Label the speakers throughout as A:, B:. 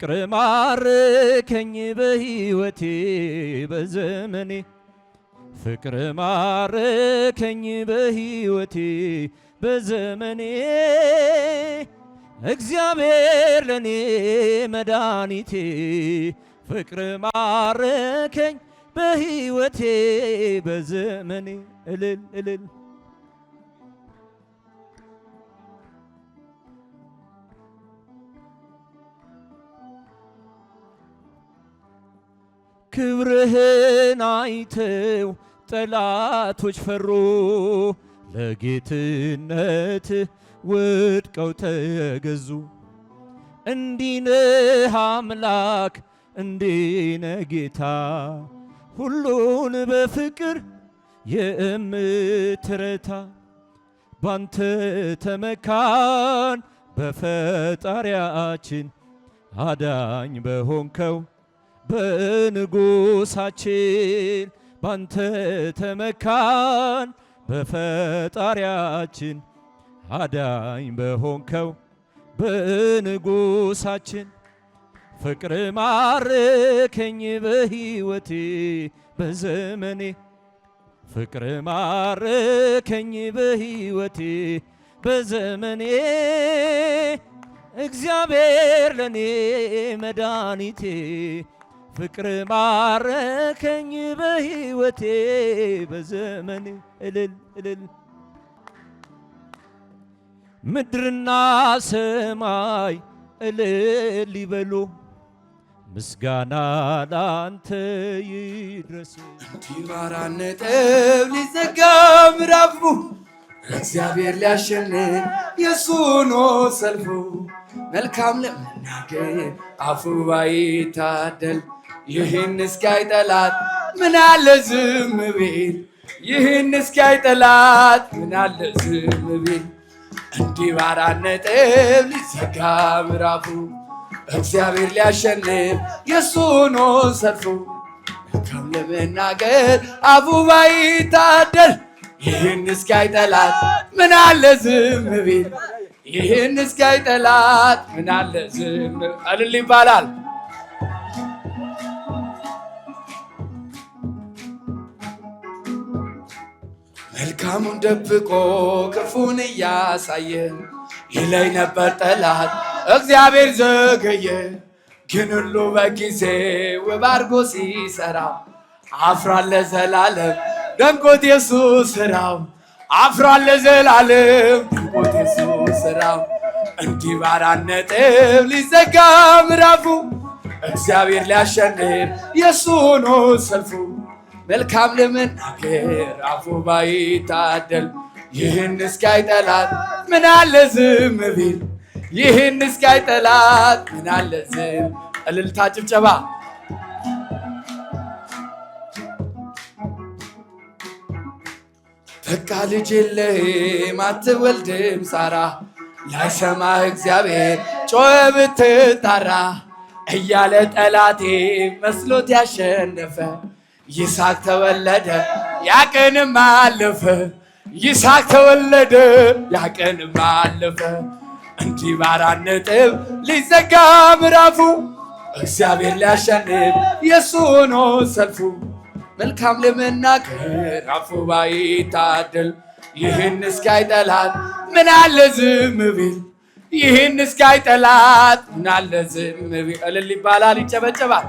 A: ፍቅር ማርከኝ በህይወቴ በዘመኔ ፍቅር ማርከኝ በህይወቴ በዘመኔ እግዚአብሔር ለኔ መድኃኒቴ ፍቅር ማርከኝ በህይወቴ በዘመኔ እልል እልል ክብርህን አይተው ጠላቶች ፈሩ፣ ለጌትነት ወድቀው ተገዙ። እንዲነህ አምላክ እንዲነ ጌታ ሁሉን በፍቅር የእምትረታ ባንተ ተመካን በፈጣሪያችን አዳኝ በሆንከው በንጉሳችን ባንተ ተመካን በፈጣሪያችን አዳኝ በሆንከው በንጉሳችን ፍቅር ማርከኝ በሕይወቴ በዘመኔ ፍቅር ማርከኝ በሕይወቴ በዘመኔ እግዚአብሔር ለኔ መድኃኒቴ ፍቅር ማረከኝ በህይወቴ በዘመን እልል እልል ምድርና ሰማይ እልል ይበሉ ምስጋና ላንተ ይድረስ።
B: ኪማራ ነጥብ ሊዘጋ ምዕራፉ እግዚአብሔር ሊያሸንፍ የእሱ ነው ሰልፉ መልካም ለመናገር አፉ ባይታደል ይህን እስኪያይ ጠላት ምናለ ዝም ቤል ይህን እስኪያይ ጠላት ምናለ ዝም ቤል እንዲህ ባራት ነጥብ ሊዘጋ ምዕራፉ እግዚአብሔር ሊያሸንፍ የእሱ ሆኖ ሰልፉ ከም ለመናገር አፉ ባይታደል ይህን እስኪያይ ጠላት አለ ዝም ቤል ይህን እስኪያይ ጠላት አለ ዝም አልል ይባላል መልካሙን ደብቆ ክፉን እያሳየ ይለይ ነበር ጠላት እግዚአብሔር ዘገየ። ግን ሁሉ በጊዜው ውብ አድርጎ ሲሰራ አፍሯል ለዘላለም ደንቆት የሱ ስራው አፍሯል ለዘላለም ደንቆት የሱ ስራው እንዲህ ባራት ነጥብ ሊዘጋ ምዕራፉ እግዚአብሔር ሊያሸንፍ የሱ ሆኖ ሰልፉ መልካም ለመናገር አፉ ባይታደል ይህን እስካይ ጠላት ምን አለ ዝም ቢል ይህን እስካይ ጠላት ምን አለ ዝም እልልታ ጭብጨባ በቃ ልጅ የለህም አትወልድም ሳራ ላይሰማህ እግዚአብሔር ጮኸ ብትጣራ እያለ ጠላቴ መስሎት ያሸነፈ ይስሐቅ ተወለደ ያቀንም አለፈ ይስሐቅ ተወለደ ያቀንም አለፈ እንዲህ ባራት ነጥብ ሊዘጋ ምዕራፉ እግዚአብሔር ሊያሸንፍ የእሱ ሆኖ ሰልፉ መልካም ለመናገር አፉ ባይታደል ይህን እስካይ ጠላት ምን አለ ዝም ቢል ይህን እስካይ ጠላት ምን አለ ዝም ቢል እልል ይባላል ይጨበጨባል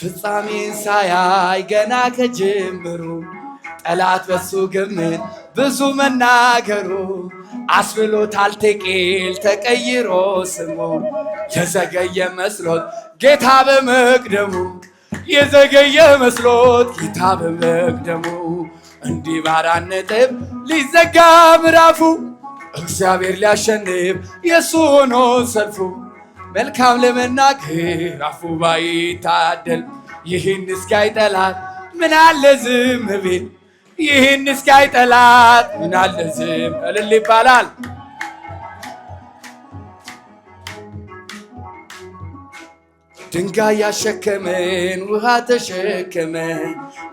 B: ፍጻሜን ሳያይ ገና ከጅምሩ ጠላት በሱ ግምት ብዙ መናገሩ አስብሎታል ቴቄል ተቀይሮ ስሙ የዘገየ መስሎት ጌታ በመቅደሙ የዘገየ መስሎት ጌታ በመቅደሙ እንዲህ ባራ ነጥብ ሊዘጋ ምዕራፉ እግዚአብሔር ሊያሸንፍ የሱ ሆኖ ሰልፉ መልካም ለመናገር አፉ ባይታደል ይህን እስካይ ጠላት ምን አለ ዝም ብል ይህን እስካይ ጠላት ምን ዝም እልል ይባላል። ድንጋይ ያሸከመን ውሃ ተሸከመን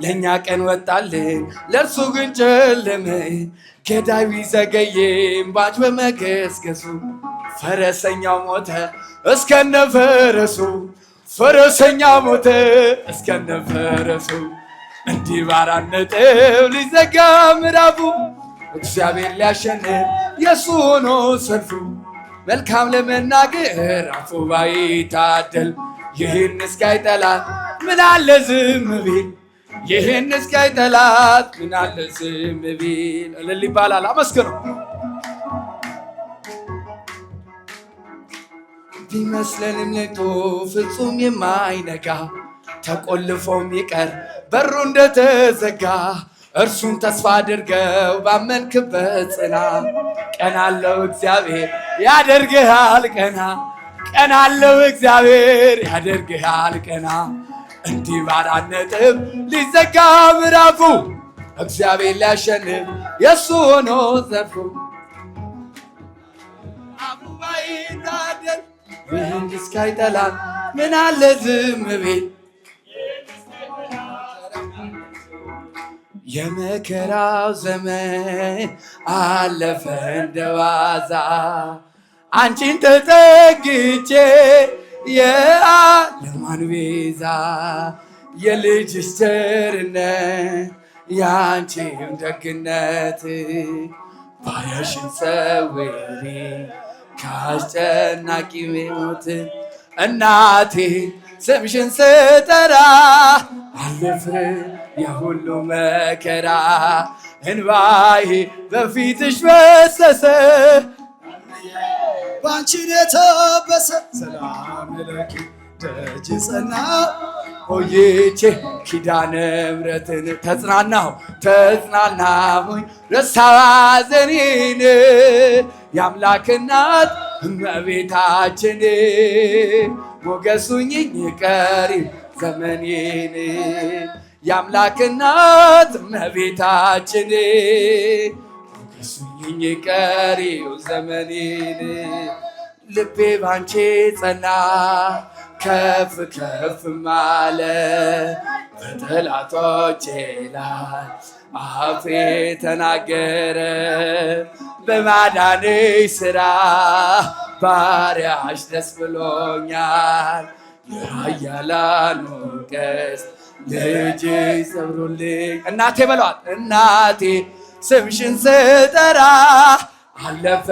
B: ለእኛ ቀን ወጣልን፣ ለእርሱ ግን ጨለመ። ገዳዩ ዘገየም ባጅ በመገስገሱ ፈረሰኛው ሞተ እስከነፈረሱ ፈረሰኛ ሞተ እስከነ ፈረሱ። እንዲህ ባራት ነጥብ ሊዘጋ ምዕራፉ እግዚአብሔር ሊያሸንፍ የእሱ ሆኖ ሰልፉ መልካም ለመናገር አፉ ባይታደል ይህን እስካይ ጠላት ምን ዝም ቢል፣ ይህን እስካይ ጠላት ምን ዝም ቢል። እልል ይባላል። አመስግኑ ቢመስለንም ለቶ ፍጹም የማይነጋ ተቆልፎም ይቀር በሩ እንደተዘጋ እርሱን ተስፋ አድርገው ባመንክበት ጽና። ቀናለው እግዚአብሔር ያደርግሃል ቀና ቀና አለው እግዚአብሔር ያደርግሃል ቀና እንዲህ ባራት ነጥብ ሊዘጋ ምዕራፉ እግዚአብሔር ሊያሸንፍ የእሱ ሆኖ ዘርፉ አቡባይታደር ምህንድስካይ ጠላት ምን አለ ዝም ቤት የመከራው ዘመን አለፈ እንደዋዛ አንቺን ተጠግቼ የዓለማን ቤዛ የልጅሽ ቸርነት ያንቺም ደግነት ባሪያሽን ሰውሪ ከአስጨናቂ ሞት እናቴ ስምሽን ስጠራ አለፍር የሁሉ መከራ እንባዬ በፊትሽ በሰሰ ባንቺን የተበሰ ሰላም ለኪ ደጅ ጸና ቆይቼ ኪዳነ ምሕረትን ተጽናናሁ ተጽናናሁኝ ረሳዘኔን የአምላክናት እመቤታችን ሞገሱኝኝ ቀሪ ዘመኔን የአምላክናት እመቤታችን ነሱኝ ቀሪው ዘመኔን ልቤ ባንቺ ጸና ከፍ ከፍ ማለ በጠላቶቼ ላይ አፌ ተናገረ በማዳንሽ ስራ ባሪያሽ ደስ ብሎኛል። የኃያላኑ ቀስት ልጅ ሰብሩልኝ እናቴ በለዋል እናቴ ስምሽን ስጠራ አለፈ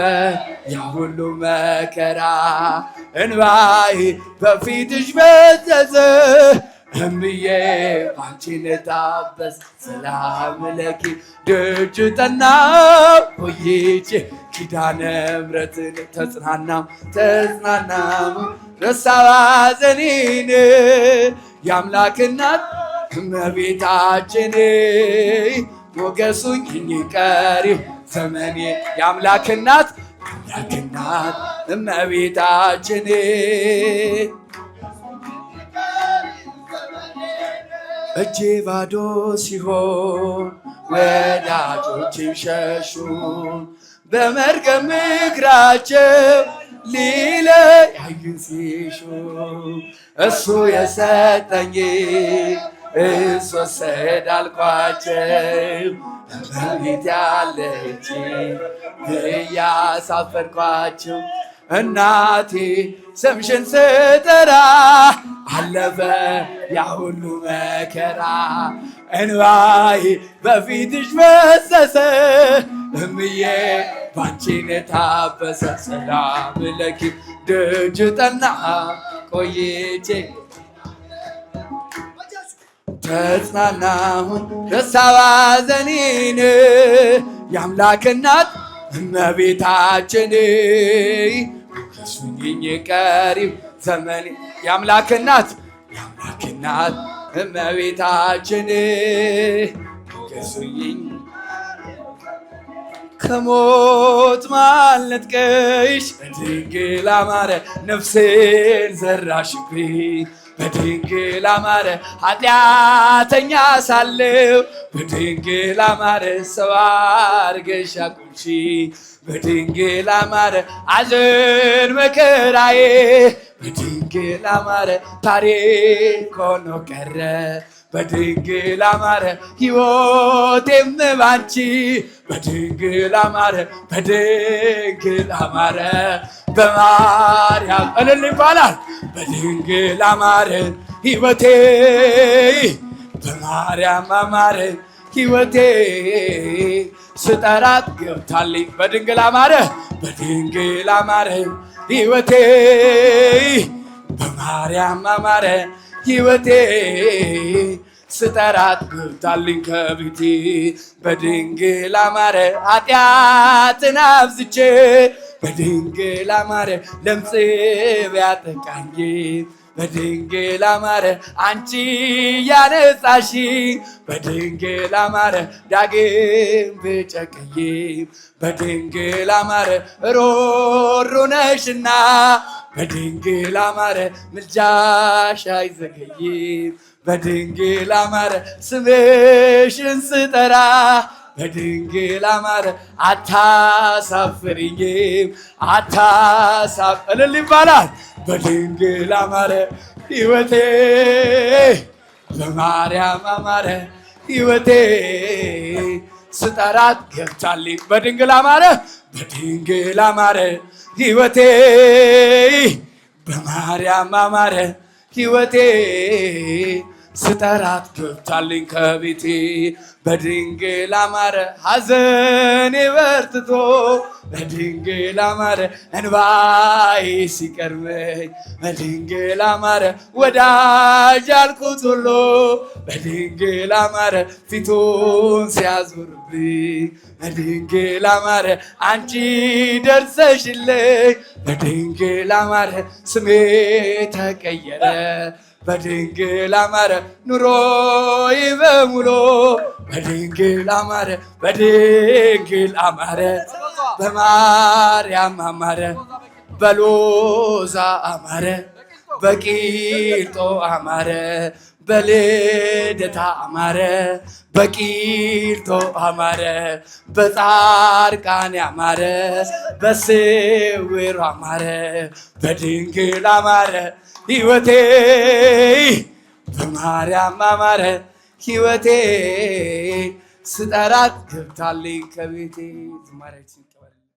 B: ያ ሁሉ መከራ እንባዬ በፊትሽ በዘዘ እምዬ ባንቺ ንጣበስ ስላምለኪ ደጅ ጠና ቆይቼ ኪዳነ ምሕረትን ተጽናና ተጽናና ረሳዋ ዘኔን የአምላክናት እመቤታችን ሞገሱኝ እኒቀሪው ዘመኔ የአምላክ እናት አምላክ እናት እመቤታችን እጄ ባዶ ሲሆን ወዳጆችም ሸሹን በመርገም እግራቸው ሊለ ያዩን ሲሹ እሱ የሰጠኝ እሱ ወሰድ አልኳቸው ያለች እያሳፈርኳቸው እናቴ ስምሽን ስጠራ አለፈ ያ ሁሉ መከራ እንባዬ በፊትሽ ፈሰሰ እምዬ ባንቺን ታበሰ ሰላም ለኪ ደጅ ጠና ቆይቼ ተጽናናሁን ደስታ ባዘኔን የአምላክ እናት እመቤታችን ከሱኝኝ ቀሪም ዘመን የአምላክ እናት የአምላክ እናት እመቤታችን ከሱኝኝ ከሞት ማለጥቀሽ ድንግል አማረ ነፍሴን ዘራሽብኝ በድንግል አማረ ኃጢአተኛ ሳለው በድንግል አማረ ሰው አድርገሽ አቁምሽ በድንግል አማረ አዘን መከራዬ በድንግል አማረ ታሪክ ሆኖ ቀረ በድንግል አማረ ሕይወቴም ባንቺ በድንግል አማረ በድንግል አማረ በማርያም እልል ይባላል። በድንግል አማረ ሕይወቴ በማርያም አማረ ሕይወቴ ስጠራት ገብታልኝ በድንግል አማረ በድንግል አማረ ሕይወቴ በማርያም አማረ ህይወቴ ስጠራት ገብታልኝ ከቤቴ በድንግል አማረ ኃጢአትን አብዝቼ በድንግል አማረ ለምጽ ቢያጠቃኝ በድንግል አማረ አንቺ ያነጻሽ በድንግል አማረ ዳግም ብጨቅይ በድንግል አማረ ሮሩነሽና በድንግል አማረ ምልጃሽ አይዘገይም። በድንግል አማረ ስምሽን ስጠራ በድንግል አማረ አታሳፍሪኝም አታሳፍ ይባላል። በድንግል አማረ ሕይወቴ በማርያም አማረ ሕይወቴ ስጠራት ገብታልኝ በድንግል አማረ በድንግል አማረ ህይወቴ በማርያም አማረ ህይወቴ ስጠራት ገብታልኝ ከቤቴ በድንግል አማረ ሐዘኔ በርትቶ በድንግል አማረ እንባዬ ሲቀርበኝ በድንግል አማረ ወዳጅ አልኩት ሁሉ በድንግል አማረ ፊቱን ሲያዞርብኝ በድንግል አማረ አንቺ ደርሰሽልኝ በድንግል አማረ ስሜ ተቀየረ በድንግል አማረ ኑሮዬ በሙሉ በድንግል አማረ በድንግል አማረ በማርያም አማረ በሎዛ አማረ በቂልጦ አማረ በልደታ አማረ በቂልቶ አማረ በጻርቃን አማረ በስዌሮ አማረ በድንግል አማረ ሕይወቴ በማርያም አማረ ሕይወቴ ስጠራት ገብታልኝ ከቤቴ ትማረች